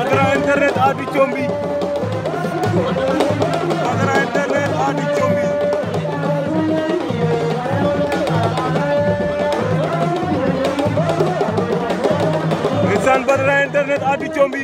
Adra internet adi chombi. Adra internet adi chombi. Insan Badra internet adi chombi.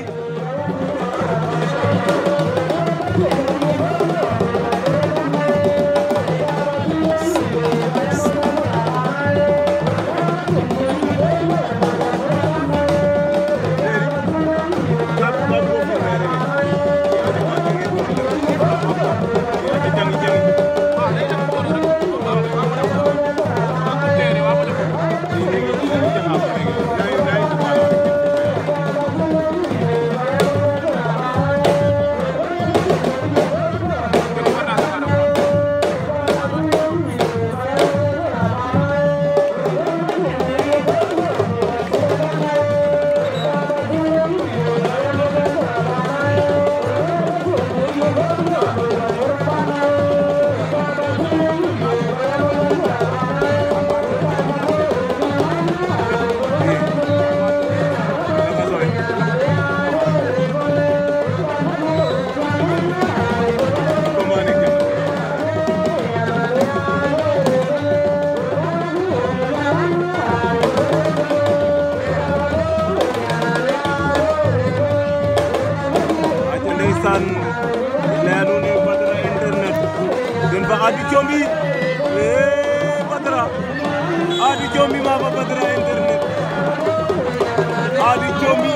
ndeysaan neenu ni Badara internet den fa Ady Thiomby ee eh, Badara Ady Thiomby maa fa Badara internet Ady Thiomby